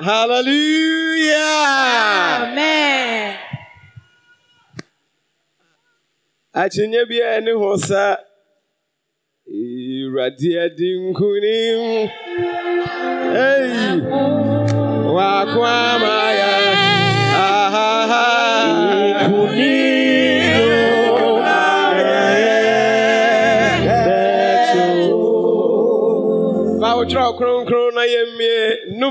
Hallelujah. Amen. Akyinnye bi a ɛne ho sa, Awurade adi ama ya. Ahaha. Fa na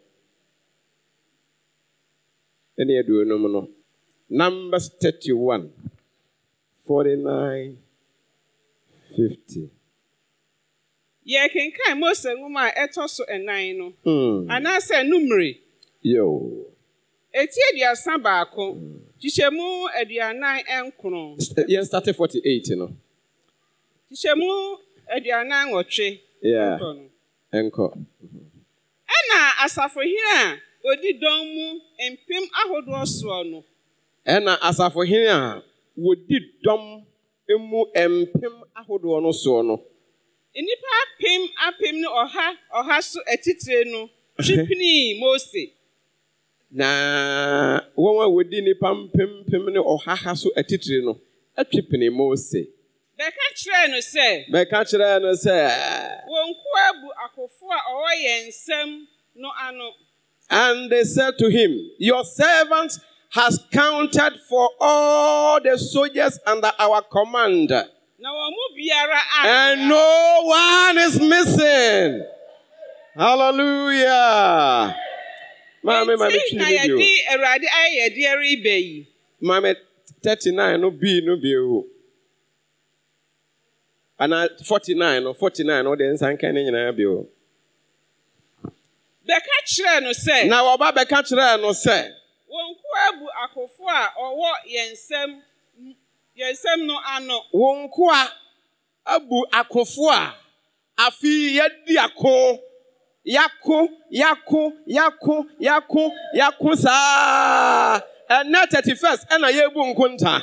ne aduonum no numbers 31 49 50 yɛkenkan mose nwoma a ɛtɔ so ɛnan no hmm. anaasɛ numere ɛti aduasa baako kyekyɛmu aduanan nkron yɛn starte 48 no kyekyɛmu aduanan nwɔtwe nkɔ ɛna asafohene a odidɔm mu mpem ahodoɔ soɔ no ɛna asafohene a wɔdi dɔm mu mpem ahodoɔ no soɔ no nnipa apem apem ne ɔha ɔha so atitire no twepinii mose na wɔn a wɔdi nnipa mpempem ne ɔhaha so atitire no atwepini mose bɛka kyerɛɛ no sɛ bɛka kyerɛɛ no sɛ wɔn ko abu akofo a ɔwɔ yɛn nsɛm no ano And they said to him, Your servant has counted for all the soldiers under our command. And no one is missing. Hallelujah. Mama, maame, twi ni thirty nine no no forty nine no forty nine no de nsankan ne nyinaa bi bɛka kyerɛɛ no sɛ na wɔba bɛka kyerɛɛ no sɛ wɔn ko abu akofo a ɔwɔ yɛn nsam yɛn nsam no ano wɔn ko a abu akofo a afei yɛdi ako yako yako yako yako yako saa ɛnɛ thirty first ɛna yɛbu nkonta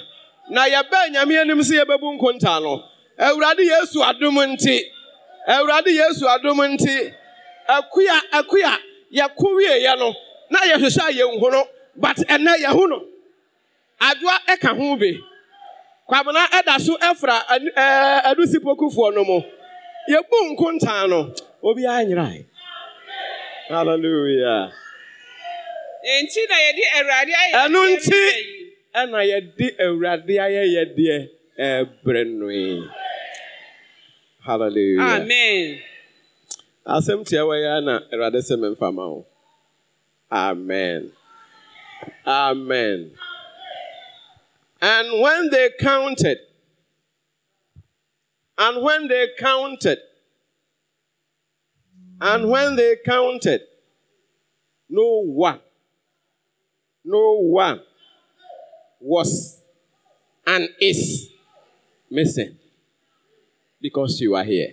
na yɛbɛn nyame anim sɛ yɛbɛbu nkonta no awurade yesu adum nti awurade yesu adum nti. akuya akuya wie yɛkowieɛ no na yɛhwehwɛ a yɛnhu no but ɛnɛ yɛhu no adwoa ɛka ho be kwabena ɛda so ɛfra eh, adusipokufoɔ no mu yɛbu nko ntaa no obiara nyerae hallelujah nti na yɛde awurade ayɛ ɛno nti ɛna yɛde awurade ayɛ yɛdeɛ ɛbrɛ noe hallelujah amen asɛm tia wɔyɛ na awurade sɛ wo amen amen and when they counted and when they counted and when they counted no one no one was and is missing because you are here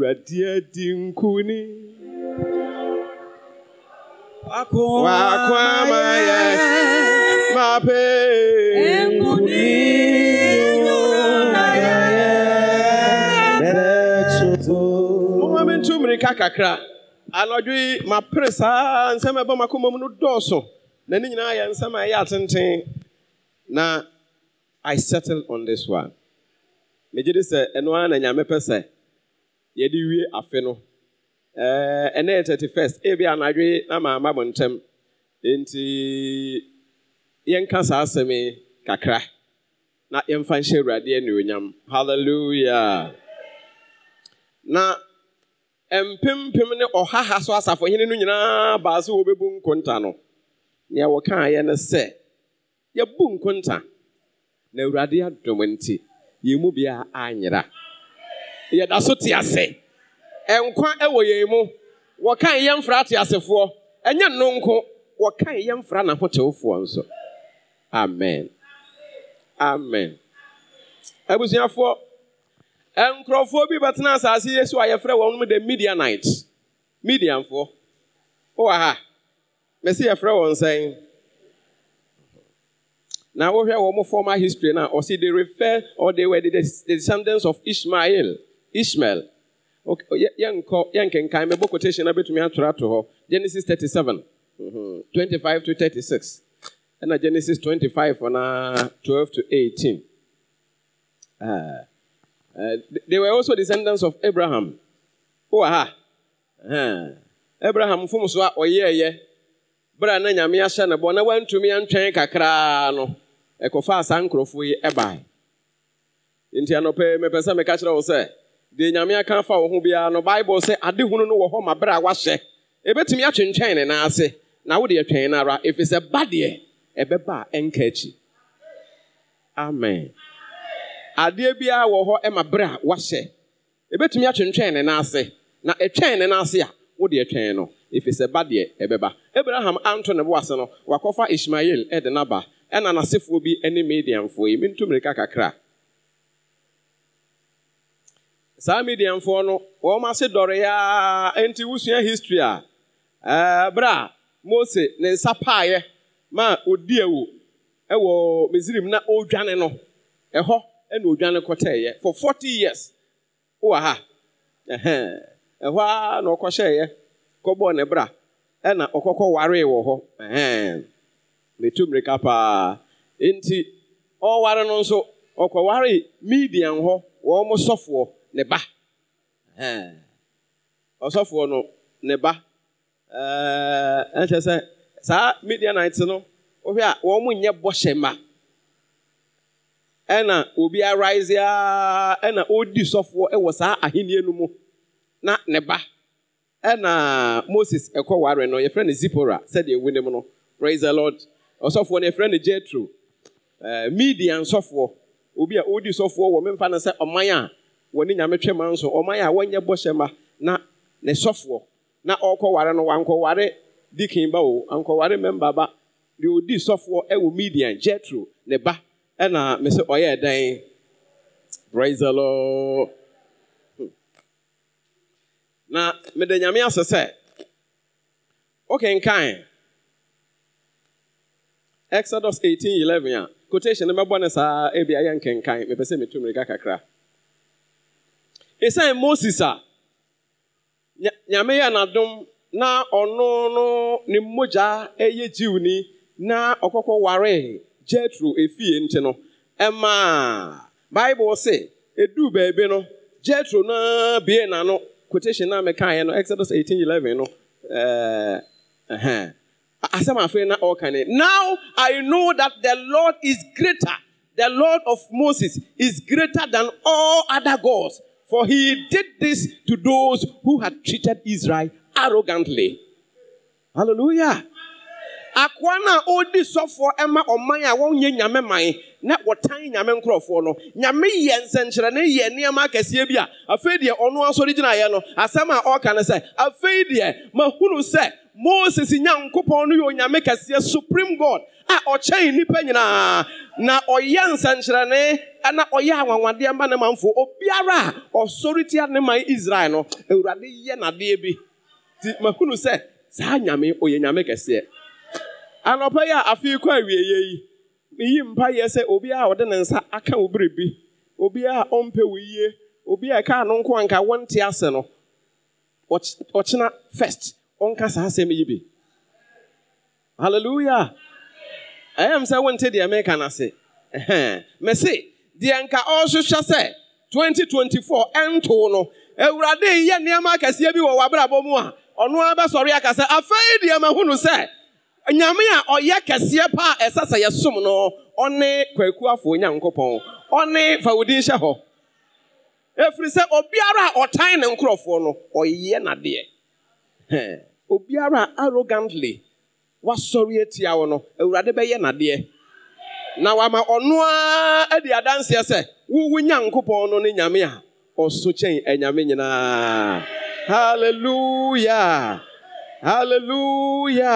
wadea di nkuni wko ama yɛapeɔma mento mmireka kakra anɔdwe mapere saa nsɛm ɛbɛ makomamu no dɔɔso nane nyinaa yɛ nsɛm a ɛyɛ atenten na i t megye de sɛ ɛno ara nanyamepɛsɛ yɛde wie afe no ɛnɛ yɛ thirty first ebi anadwe na maama mo ntɛm nti yɛnka saa asɛm yi kakra na yɛn yɛmfa nhyɛ awurade anuonyam hallelujah na mpempem ne ɔhaha so asafohene no nyinaa baa sɛ wɔbɛbu nkonta no nea wɔkaeɛ ne sɛ yɛbu nkonta na awurade adom nti yɛn mu biara anyera yɛda so te ase nkwa wɔ yɛn mu wɔkan yɛn mfra te asefoɔ ɛnyɛ no nko wɔkan yɛn mfra n'ahotewfoɔ nso amen amen abusuafoɔ nkurɔfoɔ bi bɛtena asase yi so a yɛfrɛ wɔn mu de midianite midianfoɔ wowɔ ha mɛsi yɛfrɛ wɔn nsɛn na wohwɛ wɔn former history na ɔsi they refer or they were the descendants of ishmael. Ishmael. Okay, yɛnkɔ yɛnkenkan mɛbɔ quotation na bɛtumi atwerɛ mhm. to hɔ genesis 37 mm 25 to 36 ɛna genesis ah. eh, 25 ɔna 12 to 18 uh, uh, they were also descendants of abraham wowɔ ha uh, abraham fom so a ɔyɛɛyɛ bere a na nyame ahyɛ ne bɔ na wantumi antwɛn kakraa no ɛkɔfaa saa nkurɔfoɔ yi ɛbae enti anɔpɛ mepɛ sɛ meka kyerɛ wo sɛ deɛ nyame aka fa wo ho biara no bible sɛ adehunu no wɔ hɔ ma berɛ a wahyɛ ɛbɛtumi atwentwɛn ne nan ase na wode atwɛn no ara ɛfiri sɛ ba deɛ ɛbɛba a ɛnka akyi amen adeɛ biara wɔ hɔ ma berɛ a wahyɛ ɛbɛtumi atwentwɛn ne nan ase na ɛtwɛn ne nan ase a wode atwɛn no ɛfiri sɛ ba deɛ ɛbɛba abraham anto ne boase no wakɔfa ismael ɛde naba ɛna n'asefoɔ bi ne mediamfoɔ yi mentu mmirika kakra saa mediamfoɔ no wɔn ase dɔre yaa nti wusua history a ɛɛbrɛ a mose ne nsa paayɛ ma odi ewu ɛwɔ mesirim na ɔredwane no ɛhɔ ɛna ɔredwane kɔtɛɛyɛ for forty years wɔ ha ɛhɛn ɛhɔ a na ɔkɔhyɛɛyɛ kɔbɔɔ ne bra ɛna ɔkɔkɔ waree wɔ hɔ ɛhɛn metu mmirika paa nti ɔware no nso ɔkɔwaree median hɔ wɔn mo sɔfoɔ. ne ba ɔsɔfoɔ nọ ne ba ɛnkyɛ sɛ saa midia night no wohwɛ a wɔn mo nyɛ bɔhyɛ mma ɛna obi arise a ɛna ɔredi sɔfoɔ ɛwɔ saa ahenni no mụ na ne ba ɛna moses ɛkɔ ware no yɛfrɛ no zipora sɛdeɛ ɛwu ne mu no praise the lord ɔsɔfoɔ no yɛfrɛ na jethro ɛɛ media nsɔfoɔ obi a ɔredi sɔfoɔ wɔ memfa no sɛ ɔman a wɔne nyame twɛ ma nso ɔman a wɔnyɛ bɔhyɛ ma na ne sɔfoɔ na ɔrekɔware no wankɔware dikin ba o ankɔware memba ba deɛ ɔdi sɔfoɔ ɛwɔ midian jetro ne ba ɛna me sɛ ɔyɛ ɛdan praise the lord hmm. na mede nyame ase sɛ wokenkan exodus 18 11 a quotation no mɛbɔ ne saa ebi ayɛ nkenkan mepɛ sɛ metu mmirika kakra esiane moses ah, a nyame yɛ n'adom na ɔno no ne mmogya yɛ jiwni na ɔkɔkɔ waree jetro efie nti no ɛmaa bible sɛ edu ebe no jetro na bie n'ano quotation naa mɛkaeɛ no exodus eighteen eleven no ɛɛ asɛm afei na ɔka ne now i know that the lord is greater the lord of moses is greater than all other gods For he did this to those who had treated Israel arrogantly. Hallelujah. akoa no a ɔredi sɔfoɔ ma ɔman a wɔnyɛ nyame man na wɔtan nyame nkurɔfoɔ no nyame yɛ nsɛnkyerɛnne yɛ nneɛma akɛseɛ bi a afei deɛ ɔno asɔre gyinaeɛ no asɛm a ɔreka no sɛ afei deɛ mahunu sɛ moses nyankopɔn no yɛ onyame kɛseɛ supreme god a ɔkyɛn nnipa nyinaa na ɔyɛ nsɛnkyerɛnne na ɔyɛ anwanwadeɛ ma ne manfoɔ obiara a ɔsɔre tia ne man israel no awurade yɛ bi nti mahunu saa nyame ɔyɛ nyame kɛseɛ a afei kɔ yi meyi mpa yɛ sɛ obiara a ɔde ne nsa aka wo bi obiara a ɔmpɛ wo yie obiara ɛka ano nko anka wɔnte ase no ɔkyena first ɔnka saa asɛm yi bi hallelujah ɛyɛ m sɛ wonte deɛ meka no ase mese deɛ nka ɔrehwehwɛ sɛ 2024 ɛntoo no awurade yɛ nneɛma akɛseɛ bi wɔ w'abrabɔ mu a ɔno ara bɛsɔre aka sɛ afei deɛ mahunu sɛ nyame a ɔyɛ kɛseɛ pa a ɛsɛ sɛ yɛsom no ɔne kwakuafoɔ nyankopɔn ɔne fa wo din hyɛ hɔ ɛfiri sɛ obiara a ɔtan ne nkurɔfoɔ no ɔyɛ n'adeɛ obiara arrogantly wasɔre atia wo no awurade bɛyɛ nadeɛ na wama ɔno ara adi adanseɛ sɛ wowo nyankopɔn no ne nyame a ɔso kyɛn anyame nyinaa halleluya halleluya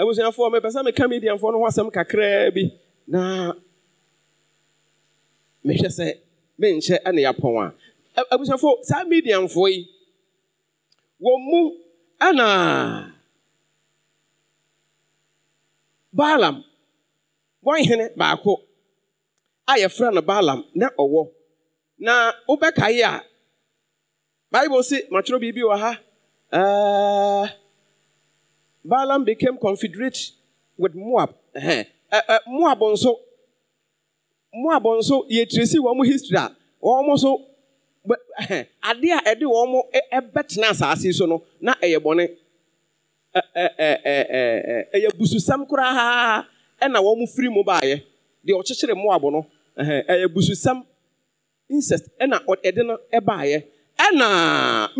abusuafoɔ mepɛ sɛ meka mediamfoɔ no ho asɛm kakraa bi na mehwɛ sɛ menkyɛ ne yapɔn a abusuafo saa mediamfoɔ yi wɔn mu ana baalam wɔn hene baako a yɛfrɛ no baalam na ɔwɔ na wobɛkae a bible se matwerɛ biribi wɔ ha uh, balaam became confederate with moab uh, uh, moab nso moab nso yɛtire si wɔn history a wɔn nso adeɛ a ɛde wɔn bɛtena asase so no na ɛyɛ bɔne ɛyɛ bususɛm koraa ɛna wɔn firi mu baayɛ deɛ ɔkyekyere mmoabo no ɛyɛ bususɛm incest ɛna ɛde no baayɛ ɛna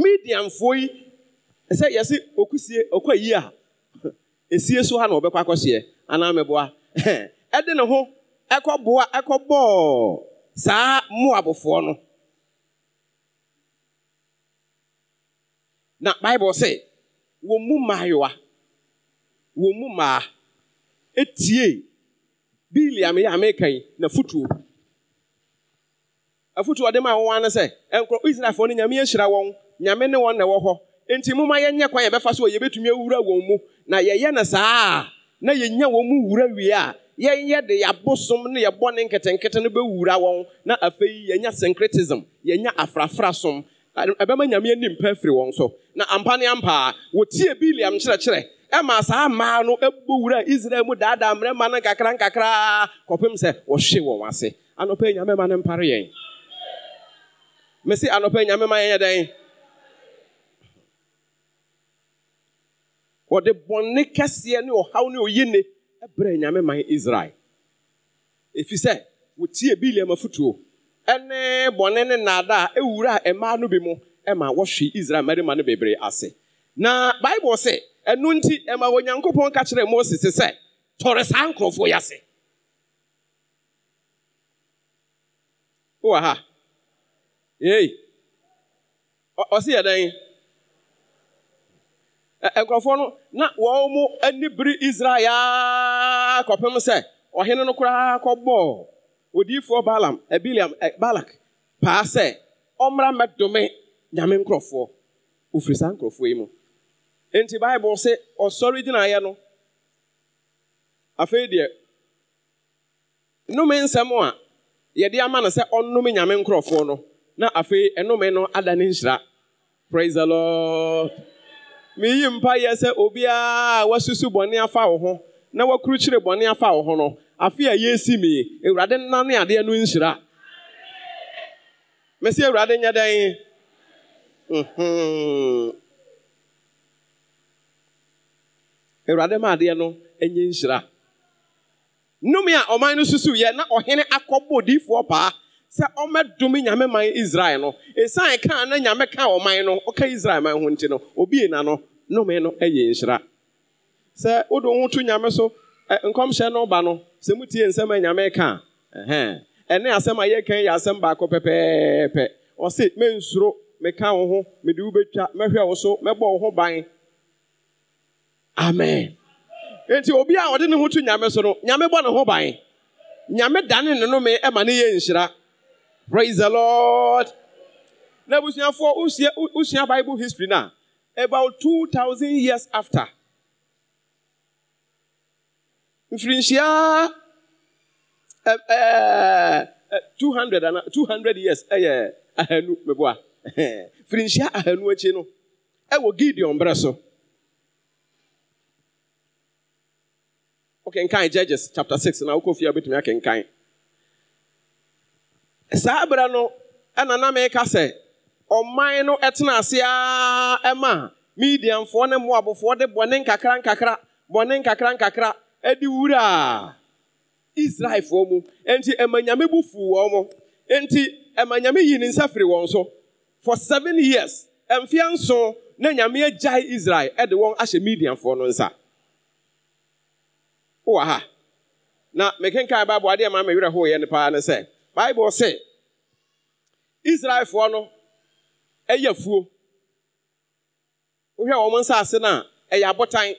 mediamfoɔ yi sɛ yɛsi okusie okɔ yi a esie so ha na ɔbɛkɔ akɔseɛ anaa mɛboa ɛde ne ho ɛkɔ boa ɛkɔ bɔɔ saa mmoabofoɔ no. na bible sɛ ɔ mu maaya ɔmu maa tie biliam yɛ merkayi na fotuo afotɔde man israelɔnomɛhyira nahntimomyɛyɛ kwan ɛbɛfa syɛbɛtumi awura wɔmu na yɛyɛ no saa yɛnyaɔmwurawieɛyɛ de onɔnk synkritism ɛa afrafra som ɛbɛma nyame anim pɛ firi wɔn so na ampa ne ampaa wɔtie bileam nkyerɛkyerɛ ma saa mmaa no bɔwuraa israel mu daada mmrma nokarakakra ɔ sɛ ɔhe wɔ ase anɔnyamm mayɛ mɛse anɔpa nyame ma ɛ dɛn ɔde bɔne kɛseɛ ne ɔhaw ne ɔyne brɛ nyame man israel ɛfi sɛ wɔtie bileam afotuo ne bɔne ne Ada a ewura mmaa no bi mu ma wɔhwe israel mmarima no bebree ase na bible sɛ ɛno nti ɛma onyankopɔn ka kyerɛɛ moses sɛ tɔre saa nkurɔfoɔ yi ase wowɔ ha yɛ dɛn na wɔn mu ani israel kɔpem sɛ ɔhene no odiyifoɔ baalam ebiliam eh, eh, balak paa sɛ ɔmmra mmɛdome nyame nkurɔfoɔ ofiri saa nkurɔfoɔ yi mu nti bible sɛ ɔsɔre gyinaeɛ no afei deɛ nnome nsɛm a yɛde ama no sɛ ɔnnome nyame nkurɔfoɔ no na afei ɛnome no ada ne nhyira praise the lord meyi mpa yɛ sɛ obiara wasusu bɔne afa wo ho na wakurukyire bɔne afa wo ho no afe a yɛsi mie awurade nna ne adeɛ no nhyira mɛsi awurade nyɛ dɛn awurade ma adeɛ no nyɛ nhyira nnome a ɔman no yɛ na ɔhene akɔbɔ odiifoɔ paa sɛ ɔmɛdome nyame man israel no Esan kaa na nyame ka ɔman no ɔka israel man ho nti no obie na no nnome no yɛ nhyira sɛ wode wo ho to nyame so nkɔmhyɛ no ba no sɛ mutie nsɛm a nyame ka ɛne asɛm a yɛkan yɛ asɛm baako pɛpɛɛpɛ ɔse mensuro meka wo ho mede me mɛhwɛ wo so mɛbɔ wo ho ban amen enti obi a ɔde ne ho to nyame so no nyame bɔ ne ho ban nyame dane ne nome ɛma ne yɛ nhyira praise the lord na abusuafoɔ wosua bible history no a about 2000 years after mfirinhyia 0000ed years yɛ a firinyiaanu ak n wɔgideon berɛ sweajudges cha s nwfwobɛmiea saa berɛ no ɛnanameeka sɛ ɔman no ɛtena ase a ɛmaa mediumfoɔ ne mo abofoɔ de bɔne nkakrankakra bɔne nkakrankakra ɛde wuraa israefoɔ mu nti ɛma nyame bu fuu wɔn mo nti ɛma yi yii ne nsa firi wɔn so for seven years mfea nson na nyame agyae israel ɛde wɔn ahyɛ medianfoɔ no nsa wowɔ ha na mekenkan bible adeɛ ma mewerɛ hoeɛ no paa ne sɛ bible se israelfoɔ no ɛyɛ afuo wohwɛ wɔn nsase no a ɛyɛ abotan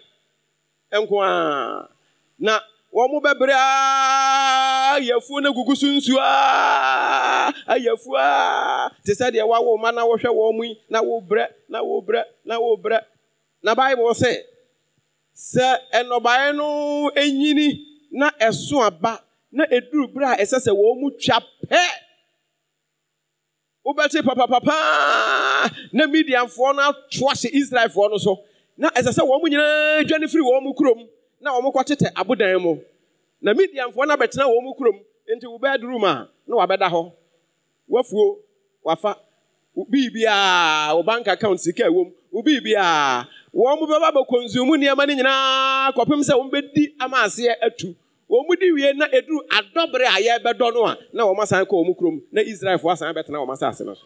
nko ara na wɔn bɛbrɛ aa yɛfuo gugu so nsuo aa ayɛfuo aa te sɛ deɛ wawo ma na wɔhwɛ wɔn mu yi na wɔbrɛ na wɔbrɛ na wɔbrɛ na bible sɛ sɛ ɛnɔbaeɛ no enyini na ɛso aba na eduru bere a ɛsɛ sɛ wɔn mu twa pɛ wobɛte papapapa na midianfoɔ no ato ahyɛ israelfoɔ no so na ɛsɛ sɛ wɔn nyinaa dwane firi wɔn kurom. na wɔmkɔtetɛ abodan mu na mediamfoɔ no bɛtena wɔ mu kurom nti wobɛaduru mu a na wabɛda hɔ wafuo wafa biribiaa wo bank account sika wom wo biribiaa wɔn mo bɛba bɛkɔnsuomu nneɛma no nyinaa kɔpem sɛ wɔmbɛdi ama aseɛ atu wɔn mo di wie na eduru adɔbere a yɛbɛdɔ no a na wɔn asan kɔ wɔn kurom na israelfoɔ asan bɛtena wɔn asase no so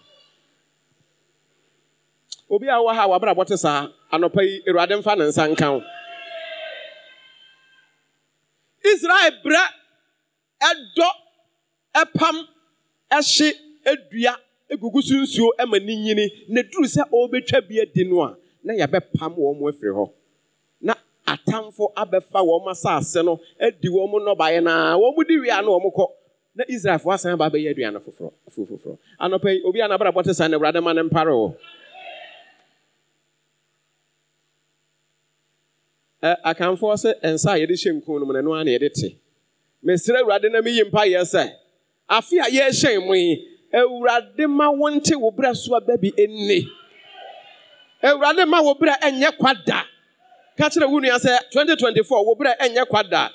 obi a wɔ ha a wabrabɔ te saa anɔpa yi awurade nfa ne nsa nka israel brɛ ɛdɔ ɛpam ɛhye edua egugu sunsuo nsuo ɛma ne nyini na duru sɛ ɔrebɛtwa bi adi no a na yɛbɛpam wɔn efiri hɔ na atamfo abɛfa wɔn asase no edi wɔn nnɔbaeɛ naa wɔn di wia na wɔn kɔ na israelfoɔ asan aba abɛyɛ aduane foforɔ foforɔ anɔpɛ yi obi anabrabɔ te saa na awurade ma ne mpare wɔ. akamfoɔ sɛ nsa a yɛde hyɛ nkun no mu n'ano na yɛde te mesrɛ awurade na miyi mpa yɛ sɛ afe a yɛrehyɛn mo yi awurade ma wɔnte wo berɛ so aba bi ɛnne awurade ma wo berɛ ɛnyɛ kwa da ka kyerɛ wo nua sɛ 2024 wo berɛ ɛnyɛ kwa da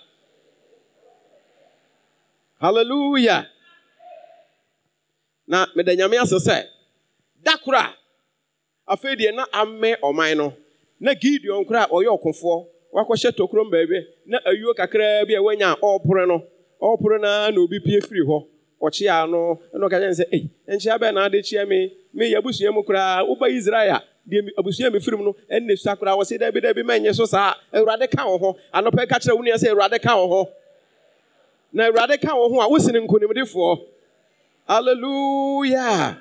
hallelujah na meda nyame ase sɛ da koro a afei deɛ na amɛ ɔman no na gideon koraa ɔyɛ ɔkofoɔ wakɔhyɛ tokuro mbaabi na ayuo kakra bi a wanya ɔɔpore no ɔɔpore naa na obi pie firi hɔ ɔkye ano ɛna ɔka kyɛn sɛ ɛy nkyɛn abɛn na ade kyia mi mi yɛ abusua mu koraa woba israel a deɛ abusua mi firim no ɛna esua koraa wɔsi dɛbi dɛbi mɛnyɛ so saa awurade ka wɔ hɔ anɔpɛ ka kyerɛ wunua sɛ awurade ka wɔ hɔ na awurade ka wɔ ho a wosi ne nkonimdifoɔ hallelujah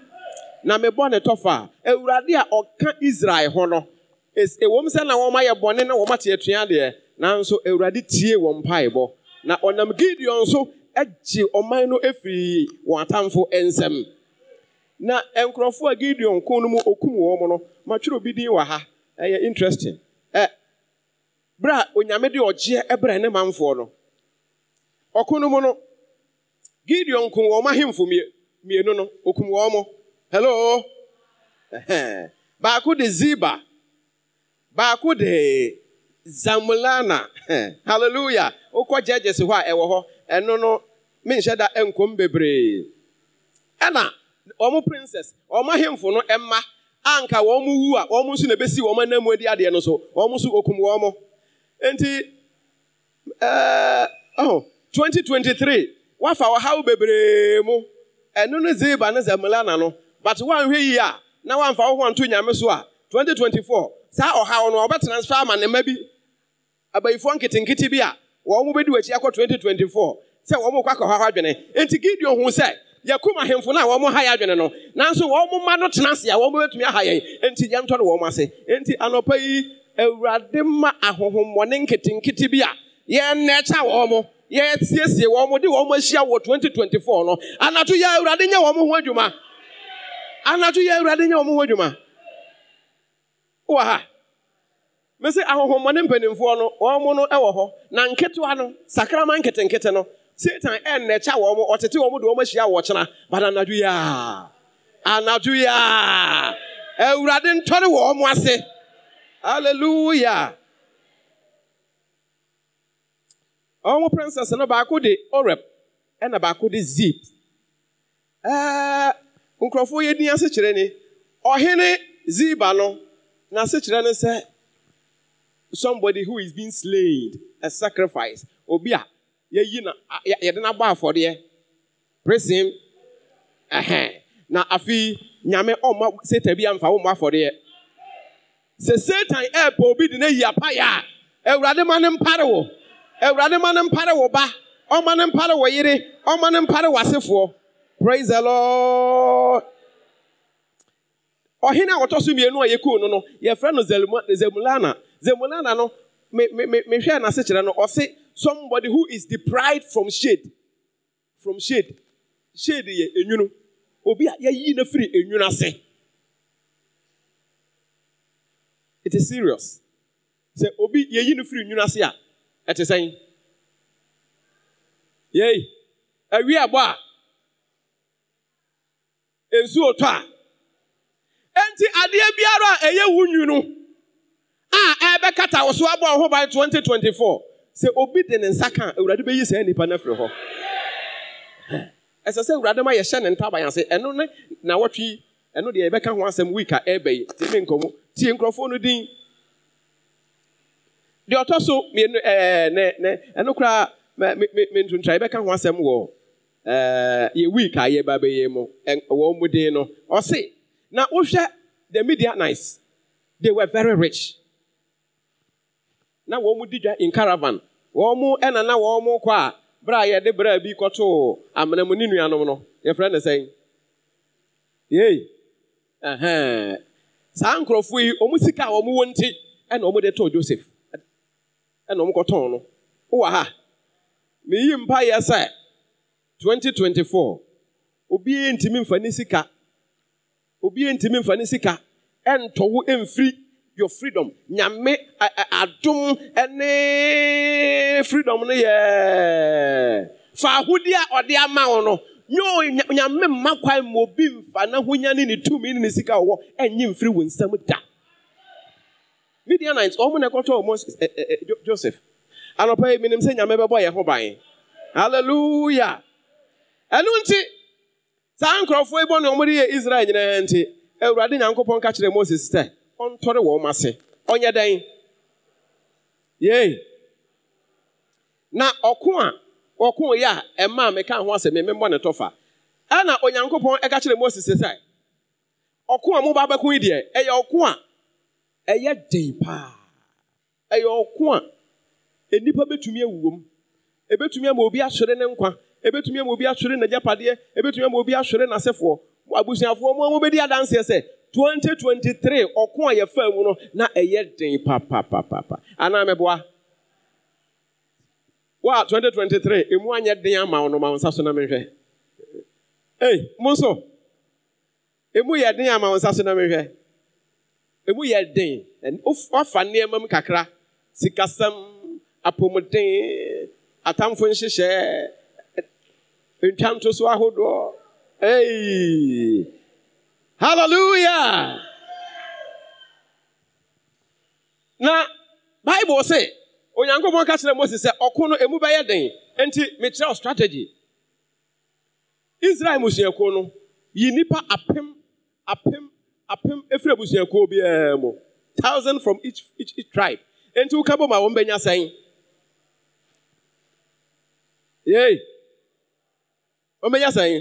na mebɔ ne tɔfa awurade a ɔka israel hɔ no. ɛwɔm sɛ na wɔma yɛ bɔne na wɔma teɛ tua deɛ nanso awurade tie wɔn mpaebɔ na ɔnam gideon so agye ɔman no afiri wɔn atamfo nsam na nkurɔfoɔ a gideon kɔn no mu okum wɔn no matwerɛ obi din wɔ ha ɛyɛ interesting ɛ bere a onyame de ɔgyeɛ ɛbrɛ ne manfoɔ no ɔko no mu no gideon kun wɔn ahemfo mmienu no okum wɔn mo hello baako de ziba. baako de zamulana hallelujah wokɔ gyegye si hɔ a ɛwɔ hɔ ɛno no menhyɛ da nkom bebree ɛna wɔn princess wɔn ahemfo no ɛma anka wɔn wu a wɔn nso na ebesi wɔn anam adi adeɛ no so wɔn nso okum wɔn nti ɛɛ ɔho twenty wafa ɔhaw bebree mu ɛno no zeba ne zamulana no but wɔn ahwɛ yie a na wɔn amfa wɔn ho nyame so a 2024. saa ɔhaw no ɔbɛtransfer ama ne mma bi abayifoɔ nketenkete bi a wɔn mo bɛdi wɔakyi akɔ 2024 sɛ wɔn mo kɔ akɔ hɔ adwene nti gideon hu sɛ yɛkum ahemfo no a wɔn mo ha yɛ adwene no nanso wɔn mo mma no tena ase a wɔn mo bɛtumi aha yɛn nti yɛntɔ no wɔn ase nti anɔpa yi awurade ma ahohommɔne nketenkete bi a yɛnnɛkya wɔn mo yɛsiesie wɔn mo de wɔn mo ahyia wɔ 2024 no anato yɛ awurade nyɛ wɔn ho adwuma anato yɛ awurade nyɛ wɔn ho adwuma ụwa ha mesị ahụhụ mmadụ mpanimfoɔ no wɔn no wɔ hɔ na nketewa no sakrama nkete nkete no satan ɛnnɛkya wɔn ɔtete wɔn de wɔn ahyia wɔ kyena bada anadwo yaa anadwo yaa awurade ntɔre wɔ wɔn ase hallelujah wɔn princess no baako de orep ɛna baako de zip ɛɛ nkurɔfoɔ yɛ din ase kyerɛ ni ɔhene ziba no. na se kyerɛ ne sɛ somebody who is being slain a sacrifice obi a yɛyi na yɛde n'abɔ afɔdeɛ praise him ɛhɛn na afei nyame ɔma satan bi amfa wɔn afɔdeɛ sɛ satan ɛɛpɛ obi de n'ayi apaya awurade ma ne mpare wɔ awurade ma ne mpare wɔ ba ɔma ne mpare wɔ yere ɔma ne mpare wɔ asefoɔ praise the lord. ɔhene a wɔtɔ so mmienu a yɛkuo no no yɛfrɛ no zemulana zemulana no mehwɛ n'ase kyerɛ no ɔse somebody who is deprived from shade from shade shade yɛ enwunu obi a yɛyi no firi enwunu ase it is serious sɛ obi yɛyi no firi enwunu ase a ɛte sɛn yɛyi awie ɛbɔ a nsuo tɔ a. ɛnti adeɛ biara a ɛyɛ wo nwuno bɛka tawosoabɔ hoba 224 sɛ ɔbi de ne nsaka awurade bɛyi saa nnipa no fr hɔ ɛsɛ sɛ awurade mayɛhyɛ no ntabaase ɛnɛaɛa Now, Usha, the Midianites, they were very rich. Now, wɔn di in caravan. Wɔn ɛna na wɔn kɔ a, bere a yɛde bere bi kɔto amenamu ne nuanom no, yɛfrɛ ne sɛn? Yei, ɛhɛn. Saa nkurɔfoɔ yi, wɔn sika a wɔn wɔ nti, ɛna wɔn Joseph. Ɛna wɔn kɔtɔn no. Wowɔ ha, meyi mpa 2024, obiara ntumi sika obi ntumi nfa ne sika ɛntɔ wo mfiri your freedom nyame adum ɛne freedom no yɛ fa ahudi a ɔde ama wo no nyɛ nyame mma kwan ma obi mfa n'ahonya ne ne tumi ne ne sika wɔ ɛnyi mfiri wo nsam da midianites ɔmo na ɛkɔtɔ ɔmo joseph anɔpa yi minim sɛ nyame bɛbɔ yɛn ho ban hallelujah ɛnu nti. saa nkurɔfoɔ yi bɔne de yɛ israel nyinaa nti awurade nyankopɔn ka kyerɛ moses sɛ ɔntɔre wɔ ɔma ase ɔnyɛ dɛn yei na ɔko a ɔko yɛ a ɛmaa meka ho asɛm memmɔ ne tɔfa ɛna onyankopɔn ɛka kyerɛ moses sɛ ɔko a moba bɛko yi deɛ ɛyɛ ɔko a ɛyɛ den paa ɛyɛ ɔko a nnipa bɛtumi awuwom ɛbɛtumi ama obi asɔre ne nkwa ebetumi ama obi asɔre n'agyapadeɛ ebetumi ama obi asɔre n'asɛfoɔ abusuafoɔ mu a wɔbɛdi adanseɛ sɛ twenty twenty three ɔko a yɛfa mu no na ɛyɛ den papapapapa anaa mɛboa wa twenty twenty three emu anyɛ den ama wɔn ma wɔn nsa so na mehwɛ ee mo nso emu yɛ den ama wɔn nsa so na mehwɛ emu yɛ den wafa nneɛma mu kakra sikasɛm apɔmuden atamfo nhyehyɛɛ. sodoɔ halelua na bible se onyankopɔn ka kyerɛ moses sɛ ɔko no ɛmu bɛyɛ den enti mekyerɛw strategy israel musuako no yi nnipa apaapem ɛfiri busuakoo biaa mu tousad from eah tribe nti woka boma wɔn bɛnya sɛn ɔmɛya sae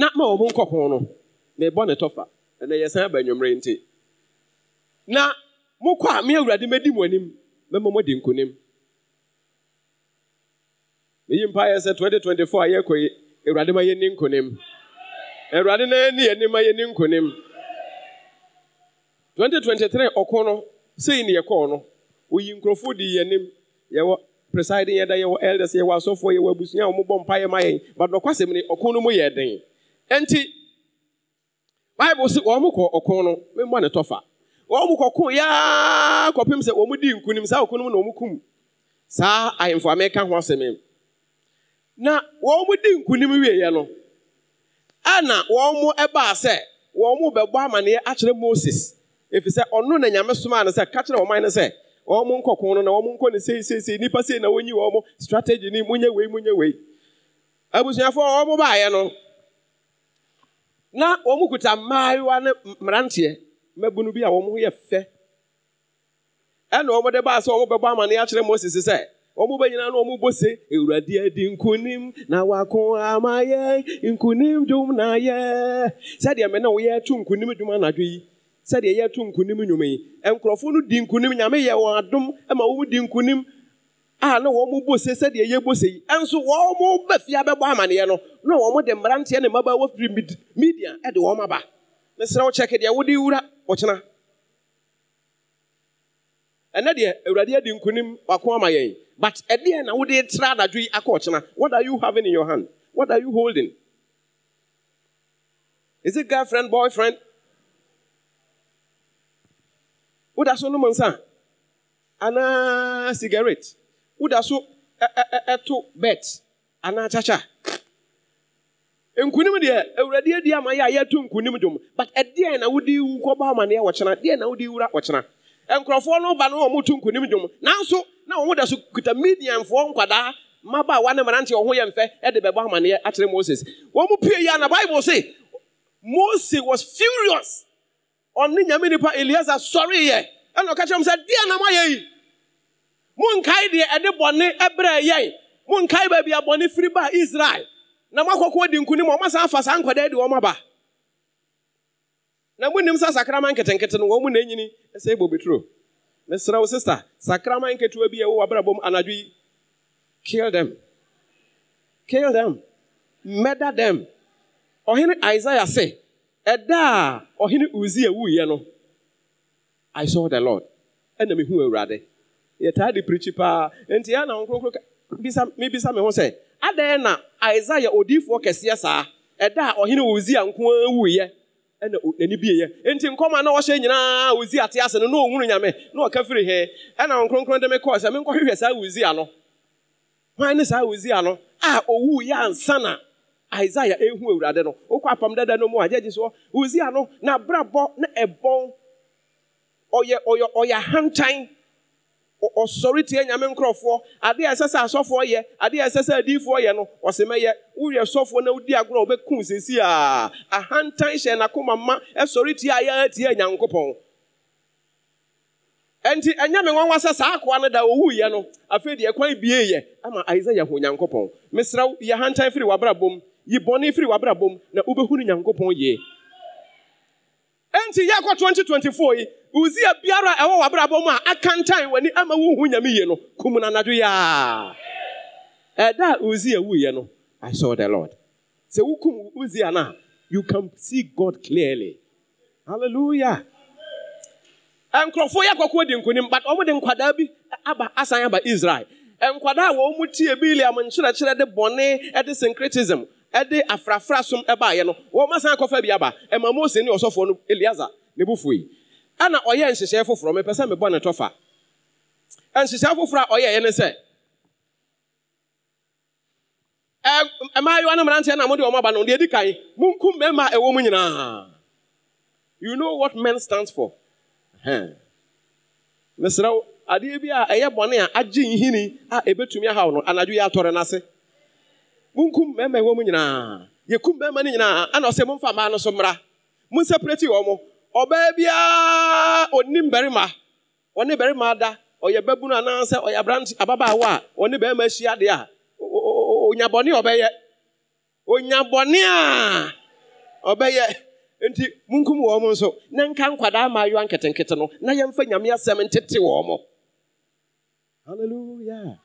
na ma ɔ mo nkɔk no mebɔne tɔfa ɛn yɛsane aba nnwɔmee nti na mokɔ a me awurade mdi m anim ɛm mde nknim ɛyia yɛ sɛ 2024 yɛɔ awurade mɛ n awurade nnɛ nknm 2023 ɔko no sɛiine yɛ kɔɔ no ɔyi nkurɔfoɔ deiyɛ anim yɛwɔ presiding yɛda yɛwɔ elders yɛwɔ asɔfoɔ yɛwɔ abusua a wɔbɔ mpa yɛ ma yɛn but ɔkwasɛm ne ɔko no mu yɛ den nti bible sɛ wɔn kɔ ɔko no memmɔ ne tɔfa wɔn yaa kɔpem sɛ wɔn saa ɔko na wɔn kum saa ahemfo ameka ho asɛm na wɔn di nkunim no ɛna wɔn wɔn bɛbɔ amaneɛ akyerɛ moses efisɛ ɔno na nyame sɛ ɔmo nkɔko no na ɔmo nkɔ ne seisiesie nipa sei na onye wɔn strategy ni munye wei munye wei abusuafo a ɔmo baayɛ no na wɔn kuta mmaayewa ne mmeranteɛ mmabunu bi a wɔn yɛ fɛ ɛna wɔn de baa sɛ wɔn bɛbɔ amane akyerɛ moses sɛ na wɔn bɔ se ewurade adi nkunim na wako ama nkunim dwom na na sɛdeɛ yɛto nkonim nnwuma yi nkurɔfoɔ no di nkonim nyame yɛ wɔn adom ma wɔn di nkonim a na wɔn bɔ se sɛdeɛ yɛbɔ se yi nso wɔn ba fie abɛbɔ amaneɛ no na wɔn de mmeranteɛ ne mmabaawa firi media de wɔn aba mesrɛ wo kyɛke deɛ wode wura wɔkyena ɛnɛ deɛ awurade adi nkonim wako ama yɛn but ɛdeɛ na wode tra anadwo yi akɔ ɔkyena what are you having in your hand what are you holding is it girlfriend boyfriend woda so nom nsa anaa cigarette woda so ɛto bet anaa kyakya nkunim deɛ awurade adi ama yɛ a yɛto nkunim dwom but ɛdeɛn na wode wu kɔba amaneɛ wɔkyena deɛn na wode wura wɔkyena nkurɔfoɔ no ba no wɔn to nkunim dwom nanso na wɔn da so kuta medianfoɔ nkwadaa mmabaawa ne mmeranteɛ wɔn yɛ mfɛ ɛde bɛbɔ amaneɛ akyerɛ moses wɔn pie yɛ na bible say moses was furious. ɔne nyame nipa eliasa sɔreeyɛ ɛnaɔkakyrɛ mo sɛ dea na moayɛ yi monkae deɛ ɛde bɔne brɛ yɛn monkae baabi abɔne firi baa israel na moakɔkɔ de nkoni m ɔmasa fa saa nkadaadi ɔm ba na monim sasakramaketektɛɛ ssakramaea y adm en isaia se ɛda a ɔhene usia wuiɛ no i saw the lord ɛna mehu awurade yɛtaa de pirikyi paa nti ɛna nkronkro mebisa me ho sɛ adɛn na isaia odiifoɔ kɛseɛ saa ɛda a ɔhene usia nko ara wuiɛ ɛna n'ani bieɛ nti nkɔma na ɔhyɛ nyinaa usia te ase no na ɔhunu nyame na ɔka firi he ɛna nkronkron de me kɔɔ sɛ menkɔhwehwɛ saa usia no hwan ne saa usia no a ɔwuiɛ ansa na isaia ɛhu awurade no wokɔ apam dada no mu a gyegye soɔ usia no n'abrabɔ na ɛbɔn ɔyɛ ɔyɛ ɔyɛ hantan ɔsɔre tie nyame nkurɔfoɔ adeɛ esese ɛsɛ sɛ asɔfoɔ esese adeɛ a ɛsɛ sɛ adiifoɔ yɛ no ɔsɛ mɛyɛ woyɛ na wodi agorɔ wobɛku sesi a ahantan hyɛ n'akoma ma ɛsɔre tie a yɛa e tie nyankopɔn ɛnti ɛnyɛ e me nwanwa sɛ saa akoa no da ɔwuiɛ no afei deɛ ɛkwan bieeɛ ama isaia ho onyankopɔn mesrɛ wo hantan firi w'abrabɔ mu yi bɔne firi bom na wobɛhunu nyankopɔn yie ɛnti yɛakɔ 2024 yi usia biara a wabra bom a akantan w'ani ama wohu nyame yie no kum no anadwo yɛa ɛda a usia wuiɛ no i saw the lord sɛ wokum usia no a you can see god clearly hallelujah nkurɔfoɔ yɛ akɔkɔ di nkonim but wɔde nkwadaa bi aba asan aba israel nkwadaa a wɔn mu tie biliam nkyerɛkyerɛ de bɔne de syncretism ɛde afrafra som ɛbaayɛ no wɔn asan akɔfa bi aba ɛma mose ne ɔsɔfoɔ no eliasa ne bu yi. ɛna ɔyɛ nhyehyɛ foforɔ mepɛ sɛ mebɔ ne tɔfa nhyehyɛ foforɔ a ɔyɛ yɛ ne sɛ mmaayewa no mmeranteɛ na mode ɔmo aba no deɛ edi kan munkum mmarima a ɛwɔ mu nyinaa you know what men stands for mesrɛ adeɛ bi a ɛyɛ bɔne a agye nhini a ebetumi ahaw no anadwo yɛ atɔre n'ase. munkum mmarima ɛwɔ mu nyinaa yɛkum mmarima no nyinaa ɛna ɔsɛ momfa mmaa no so mmra monsɛpreti wɔ mo ɔbaa biara ɔnim barima ɔne barima da ɔyɛ babunu anaasɛ ɔyɛ aberante ababaawa a ɔne barima ahyia deɛ a onyabɔne a ɔbɛyɛ onyabɔne a ɔbɛyɛ nti munkum wɔ mo nso na nka nkwadaa mmaayewa nketenkete no na yɛmfa nyame asɛm ntete wɔ mo hallelujah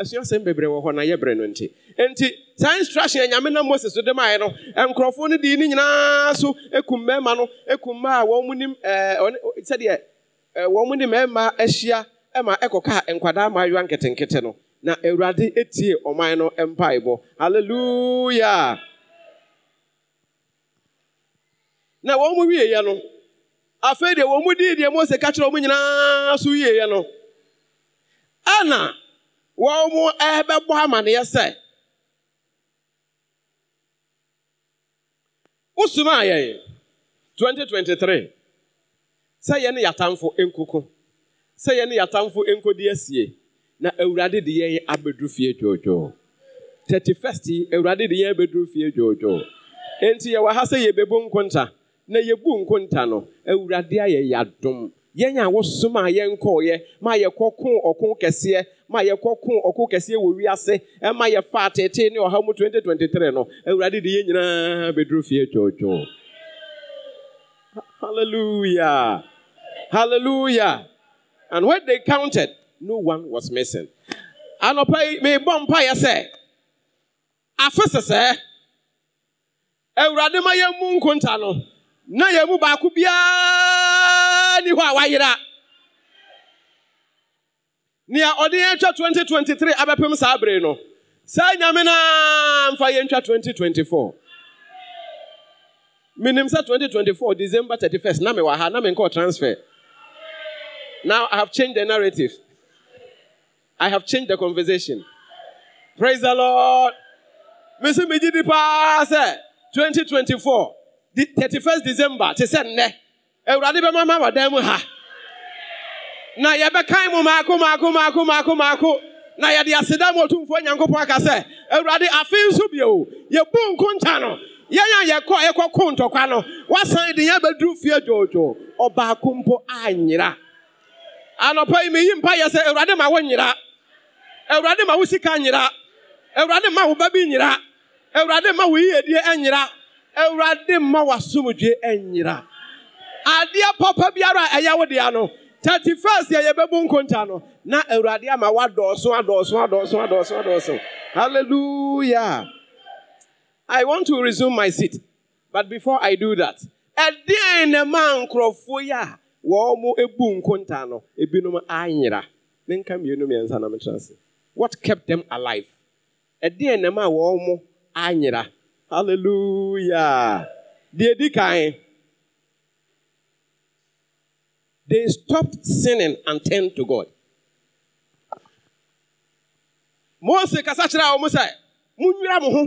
uani sinse trusi nyame na mose so de maɛ no nkurɔfoɔ no dii ne nyinaa so um masɛdeɛ ɔnim ma hyia maɔ nkwada maya nketenkete no na wurade tie ɔman nopɔa na wɔm wieɛ no afei deɛ wɔ mudii deɛ mose ka kyerɛɔ m nyinaa so wieɛ no ana wɔn rebɛbɔ amanneɛ sɛ wosomaa yɛn 2023 sɛ yɛne yɛatamfo nkoko sɛ yɛne yɛatamfo nkɔdi asie na awurade de yɛn abɛduru fie dwoodwoo 31st awurade de yɛn abɛduru fie dwoodwoo enti yɛwɔ ha sɛ yɛbɛbu nkonta na yɛbu nkonta no awurade ayɛ yɛn a wɔsoso ma yɛnkɔɔyɛ ma yɛkɔko ɔko kɛseɛ ma yɛkɔko ɔko kɛseɛ wɔ wiase ma yɛfa atete ne ɔhaw mu 2023 no awurade de yɛn nyinaa bɛduru fie dwoodwoo hallelujah hallelujah and when they counted no one was missing anɔpa yi meebɔ mpaeɛ sɛ afe sɛsɛɛ awurade ma yɛn mu nkonta no na yɛn mu baako biara ni hɔ a wayera nea ɔde 2023 abɛpem saa bere no saa nyame na mfa yɛntwa 2024 menim sɛ 2024 december 31st na mewɔ ha na menkɔ transfer now i have changed the narrative i have changed the conversation praise the lord mesi megye di paa sɛ 2024 31st december te sɛ nnɛ awurade bɛma ma wadan mu ha na yɛbɛkan mu maako maako maako maako maako na yɛde aseda mu otumfoɔ nyankopɔn aka sɛ awurade afei nso bio yɛbu nkonta no yɛn a yɛkɔ yɛkɔko ntɔkwa no wasan de yɛn abɛduru fie dwoodwoo ɔbaako mpo anyera anɔpa yi meyi mpa yɛ sɛ awurade ma wo nyera awurade ma wo sika nyera awurade ma wo ba bi nyera awurade ma wo yiyedie nyera awurade ma wo asomdwe nyera adeɛ papa biara ɛyɛ wo dea no thirty first yɛ yɛbɛbu nkonta no na awurade ama wadɔɔso adɔɔso adɔɔso adɔɔso adɔɔso hallelujah i want to resume my seat but before i do that ɛdeɛn na ma nkurɔfoɔ yi a wɔn mo ebu nkonta no ebinom anyera ne nka mmienu mmiɛnsa na mekyerɛ ase what kept them alive ɛdeɛn na ma wɔn mo anyera hallelujah deɛ di kan. They stopped sinning and turned to God. Mose kasa kyerɛ a wɔn sɛ, munnwira mo ho.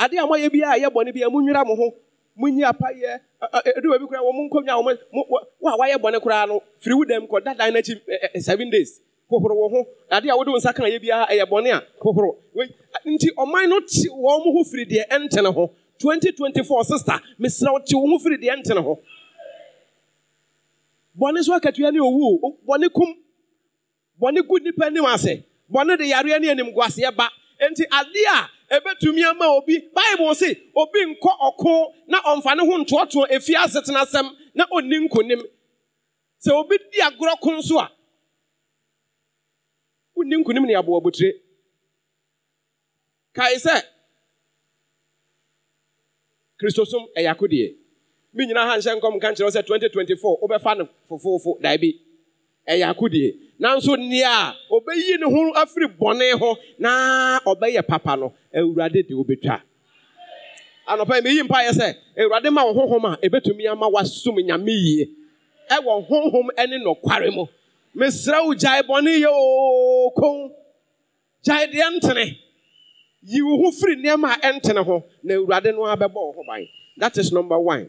Ade a moayɛ biara a ɛyɛ bɔne mo ho. Munyi apayɛ, eduwa bi koraa, wɔn nkonnwa, wɔn wo wayɛ bɔne koraa no, firi dɛm kɔ dadan n'akyi seven days. Hohoro wɔn ho. Adeɛ a wɔde wɔn nsa kan ɛyɛ bɔne a, hohoro. Nti ɔman no te wɔn ho firi deɛ ɛntene ho. mesra, wɔn ho firi deɛ ɛntene ho. bɔne nso akatua ne ɔwuo bne m bɔne gu nnipa nim ase bɔne de yareɛ ne anim guaseɛ ba enti adeɛ a ɛbɛtumi ama obi bible se obi nkɔ ɔko na ɔmfa ne ho ntoɔtoɔ ɛfie asetena asɛm na onni nkonim sɛ obi diagorɔ kon so a wonni nkonim ne ɛaboa botire kae sɛ kristosom yako deɛ bi nyina ha nhyɛ nkɔm nka nkyerɛ sɛ 2024 wobɛfa no fofofo daabi ɛyɛ akodie nanso nea a ɔbɛyi ne ho afiri bɔne ho na ɔbɛyɛ papa no awurade de wobɛtwa anɔpa meyi mpayɛ sɛ awurade ma wo honhom a ɛbɛtumi ama wasom nyame yie ɛwɔ honhom ne nɔkware mu mesrɛ wo gyae bɔne yɛ ookon gyae deɛ ntene yi wo ho firi nneɛma a ɛntene ho na awurade no abɛbɔ wo ho ban that is number one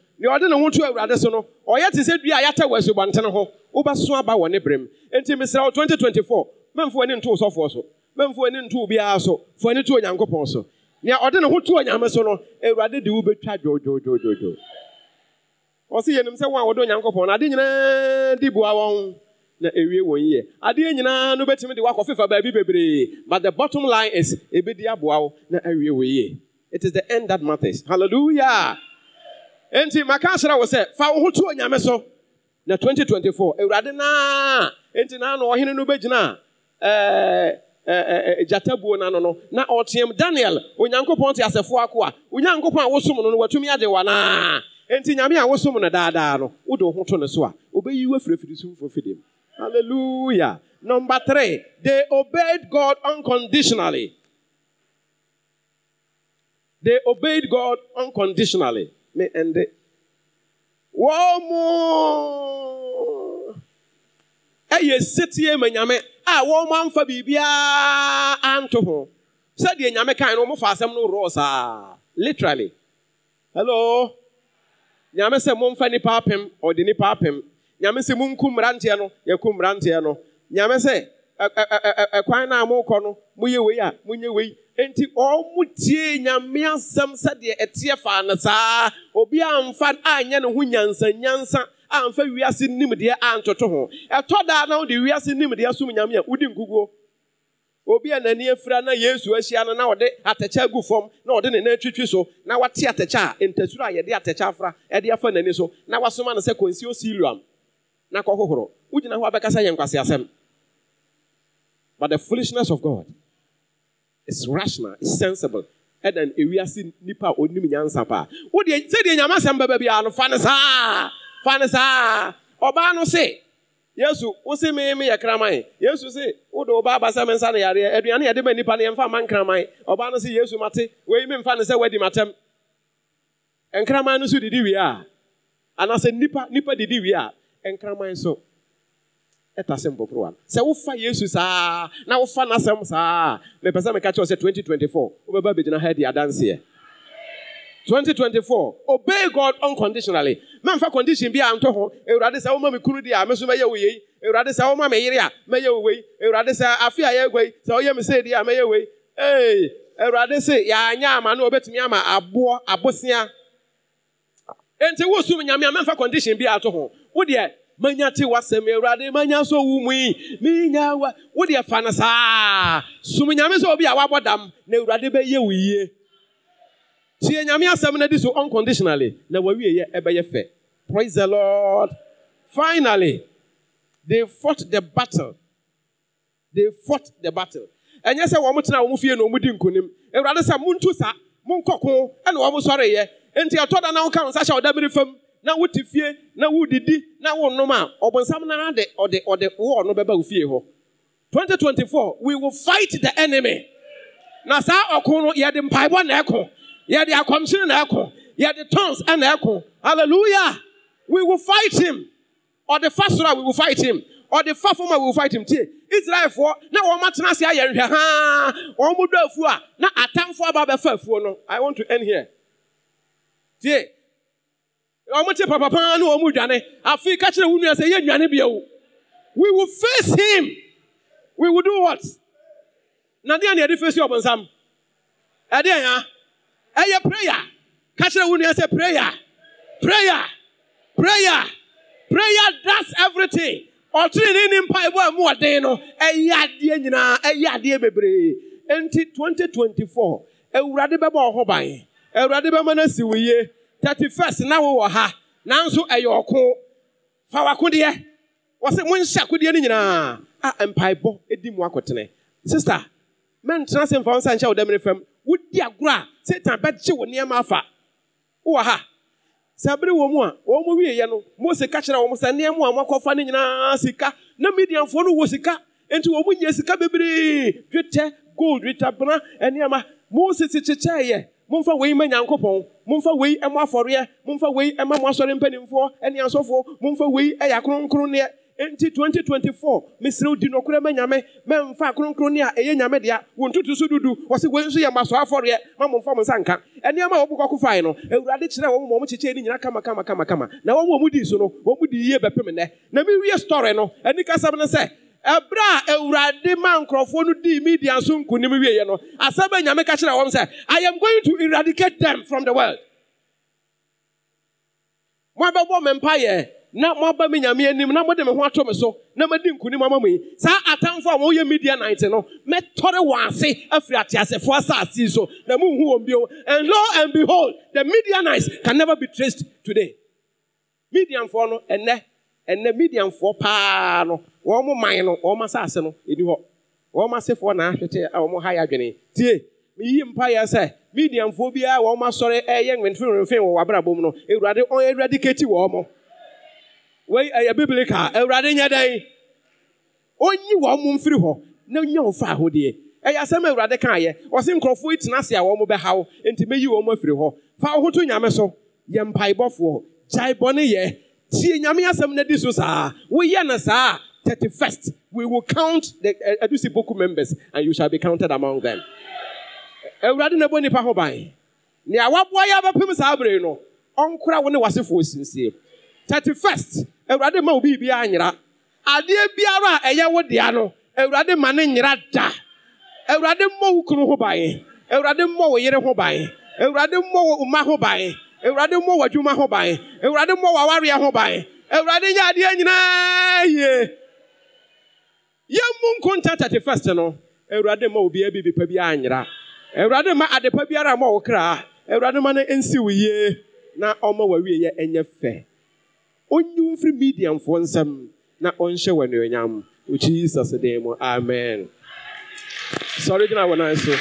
nea ɔde ne ho to awurade so no ɔyɛ te sɛ dua a yɛatɛ wɔ asubɔnten ho wobɛso aba wɔ ne berem enti mesrɛ 2024 mamfo ani ntu sɔfoɔ so mamfo ani ntoo biara so fo ani to onyankopɔn so nea ɔde ne ho to onyame so no awurade de wobɛtwa dwodwodwodwodwo ɔse yɛnim sɛ wo a wɔde onyankopɔn no ade nyinaa de bua wɔn na ewie wɔn yie adeɛ nyinaa no bɛtumi de wakɔ fifa baabi bebree but the bottom line is ebi aboa wo na awie wɔ yie it is the end that matters hallelujah nti maka akyerɛ wo sɛ fa wo ho to onyame so na 2024 awurade naa nti naa na ɔhene no bɛgyina gyata buo no no na ɔteam daniel onyankopɔn te asɛfoɔ ako a onyankopɔn a wosom no no watumi agye wanaa nti nyame a wosom no daadaa no wode wo ho to no so a obɛyi wafirifiri fidim number three they obeyed god unconditionally they obeyed god unconditionally me ɛn de wɔmo ɛyɛ sɛteɛ ma nyame a wɔm amfa biribiaa anto ho sɛdeɛ nyame kan ah. e, e, e, no mo faasɛm no wrɔɔsaa literally elo nyame sɛ momfa nnipa apem ɔde nnipa apem nyame sɛ monku mmeranteɛ no yɛko mmeranteɛ no nyame sɛ kwan no a morkɔ no moyɛ wei a moyɛ wei nti ɔmo tie nyame asɛm sɛdeɛ ɛteɛ faa no saa obi a anyɛ ne ho nyansanyansa amfa wiase nimdeɛ antoto ho ɛtɔ daa na wode wiase nimdeɛ som nyame a wodi nkuguo obi a n'ani afira na yesu ahyia no na ɔde atɛkyɛ agu fam na ɔde ne nan twitwi so na wate atɛkyɛ a ntasuro a yɛde atɛkyɛ afra ɛde afa n'ani so na wasoma no sɛ kɔnsi osiliam na kɔhohoro wogyina hɔ abɛkasa yɛ nkwaseasɛm but the foolishness of god It's rational, it's sensible. Then ewiase nipa a onim nyansa paa wodeɛ sɛdeɛ nyame asɛm bɛbɛ biara no fa no baby? fa no saa ɔbaa no se yesu wosi mi mi yɛ kraman yesu si wodo wo ba abasa mi nsa ne yareɛ aduane yɛde ma nipa no man ma nkraman ɔbaa no si yesu mate wei mi nfa ne sɛ wadi matɛm nkraman no so didi wie a anaasɛ nipa nipa didi wie a nkraman so ɛta sɛ mbɔborowa no sɛ wofa yesu saa na wofa n'asɛm saa mepɛ sɛ meka kyerɛw sɛ 2024 wobɛba bɛgyina ha di adanseɛ 2024 obey god unconditionally mamfa condition bi a ntɔ ho awurade sɛ woma me kunu di a me so mɛyɛ wo yei awurade sɛ woma me yere a mɛyɛ wo wei awurade sɛ afe a yɛagua yi sɛ woyɛ me sɛ di a mɛyɛ wei ee awurade se yɛanyɛ ama no wɔbɛtumi ama aboɔ abosea enti wosum nyame a mamfa condition bi a ato ho wodeɛ manya te wasɛm awurade manya so wu mu yi menya wa wodeɛ fa no saa som nyame sɛ obi a wabɔ dam na awurade bɛyɛ wo yie tie nyame asɛm no di so unconditionally na wawieyɛ ɛbɛyɛ fɛ praise the lord finally they fought the battle they fought the battle ɛnyɛ sɛ wɔn tena wɔn fie na wɔn di nkonim awurade sɛ montu sa monkɔko ɛna wɔn sɔre yɛ nti ɛtɔ da na wɔn ka wɔn nsa hyɛ ɔdabiri fam na wote fie na wodidi na wonom a ɔbonsam no de ɔde ɔde woɔ no bɛba wo fie hɔ 2024 we will fight the enemy na saa ɔko no yɛde mpaebɔ na ɛko yɛde akɔmhyene na ɛko yɛde tons na ɛko hallelujah we will fight him ɔde fa soro a we will fight him ɔde fa fam a we will fight him tie israelfoɔ na wɔn atena ase ayɛ nhwɛ haa wɔn mu do afuo a na atamfoɔ aba abɛfa afuo no i want to end here tie ɔmote papa ne ɔmo dwane afei ka kyerɛ wo nua sɛ yɛ dwane bia o we will face him we will do what na deɛ ne yɛde face ɔbonsam ɛdeɛ ya ɛyɛ prayer ka kyerɛ wo nua sɛ prayer prayer prayer prayer does everything ɔtiri ne ne mpaebɔ a mu ɔden no ɛyɛ adeɛ nyinaa ɛyɛ adeɛ bebree nti 2024 awurade bɛbɔ ɔho ban awurade bɛma no asi wo yie thirty first na wowɔ ha nanso ɛyɛ ɔko fa wakodeɛ wɔsɛ monhyɛ akodeɛ no nyinaa a mpaebɔ di mu akotene sister mɛntena sɛ mfa wo nsa nhyɛ wo dɛmene fam wodi agorɔ a satan bɛgye wo nneɛma afa wowɔ ha sɛ abere wɔ mu a wɔn mu wieɛ no mose ka kyerɛ wɔn sɛ nneɛma a wɔakɔfa no nyinaa sika na medianfoɔ no wɔ sika nti wɔn mu nyɛ sika bebree dwetɛ gold dwetabena nneɛma mose si kyekyɛeɛ momfa wɔyi ma nyankopɔn momfa wei ɛmo afɔreɛ momfa wei ɛma mo asɔre mpanimfoɔ ɛne asɔfoɔ momfa wei ɛyɛ akronkronneɛ nti 2024 mesrɛw di nokorɛ ma nyame mamfa akronkronne a ɛyɛ nyame dea wo ntoto so dudu wɔse wei nso yɛ maso afɔreɛ ma momfa mo nsa nka ɛnneɛma a wɔbokɔko fae no awurade kyerɛ wɔ mɔ mokyekyɛe no nyina kamakamakama na wɔn wɔ mu dii so no wɔn mu dii yie bɛpem nnɛ na mewie story no ɛni kasɛm no sɛ ɛberɛ a awurade ma nkurɔfoɔ no dii media so nkonim wieɛ no asɛm a nyame ka kyerɛ wɔm sɛ i am going to eradicate them from the world moabɛbɔ me mpayɛ na moaba me nyame anim na mode me ho ato me so na madi nkonim ama mu yi saa atamfo a wɔyɛ media night no mɛtɔre wɔn ase afiri ateasefoɔ asase so na monhu bio and lo and behold the media nights can never be traced today mediamfoɔ no ɛnɛ ɛnɛ medianfoɔ paa no wɔn man no wɔn asase no ɛdi hɔ wɔn asefoɔ na ahwete a wɔn ha yɛ adwene tie yi mpaeɛ sɛ bi a wɔn asɔre ɛyɛ nwɛnfɛnwɛnfɛn wɔ wabrabɔ mu no ewurade ɔn awurade keti wɔn wɔyi ɛyɛ bibilika ewurade nyɛ dɛn onyi wɔn mu nfiri hɔ na nyɛ wɔn fa ahodeɛ ɛyɛ asɛm awurade kan yɛ ɔsi nkurɔfoɔ yi tena ase a wɔn bɛhaw nti meyi wɔn afiri hɔ fa ahoto nyame so yɛ mpaebɔfoɔ gyae bɔne yɛ tie nyame asɛm no di 31st we will count the adusi uh, eh, eh, boku members and you shall be counted among them awurade na ɛbɔ nnipa ho ban nea waboa yɛ abɛpem saa bere no ɔnkora wo ne wasefoɔ sinsie 31st awurade eh, ma wo biribiaa nyera adeɛ biara a ɛyɛ wo dea no awurade ma ne nyera da awurade mmɔ wo kunu ho ban awurade mmɔ wo yere ho ban awurade mmɔ wo mma ho ban Ewurade mmụọ w'adwuma ho ban awurade mmɔ w'awareɛ ho ban awurade nyɛ adeɛ nyinaa yie yɛmmu nkonta 31st no ewurade mma obiara bi bipa bi anyera awurade ma adepa biara ma wo ewurade awurade ma no nsi wo yie na ɔma w'awieyɛ ɛnyɛ fɛ ɔnyi wo mfiri mediamfoɔ nsɛm na ɔnhyɛ wɔ anuonyam wɔ jesus dan mu amen sɔre gyina wɔ nan so